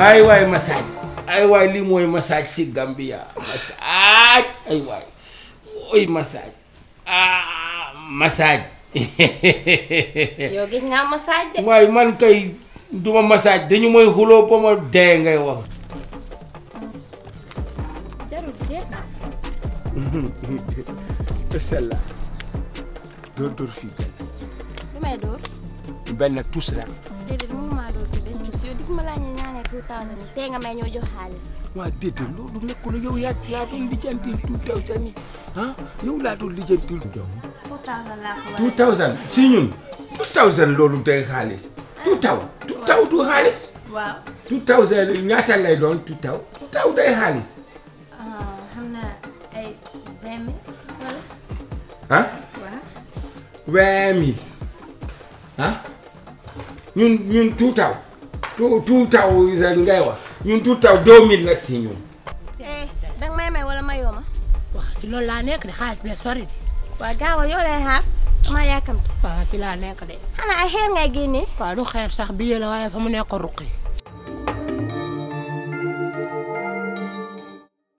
ay waay massage ay waay lii mooy massage si Gambia massage ay waay ooy massage ah massage. yow gis nga massage waaye man kay duma massage dañu mooy xuloo ba ma dee ngay wax. jarul dee. sella door benn. li may door. benn tous la. déedéet mënuma door fii benn tous yow dig two thousand tey nga may ñoo jox xaalis. waaw déedéet loolu nekkul yow yaa yaa doon lijjanti two thousand yi ah laa doon lijjanti. two thousand laa ko two thousand si ñun two thousand loolu day xaalis. two taw two thousand ñaata lay doon two taw. two taw day xaalis. Ah, xam naa ah? ah. ñun ñun taw. tout tout taw ngay wax ñun tout taw 2000 la si ñun. Eh, danga may may wala mayoo ma. waaw si loolu laa nekk de xaalis bee sori de. waaw gaaw a yow lay xaar damaa yàkkamti. waaw ci laa nekk de. xanaa ay xeer ngay génnee. waaw du xeer sax bi la waaye fa mu nekk ruqi.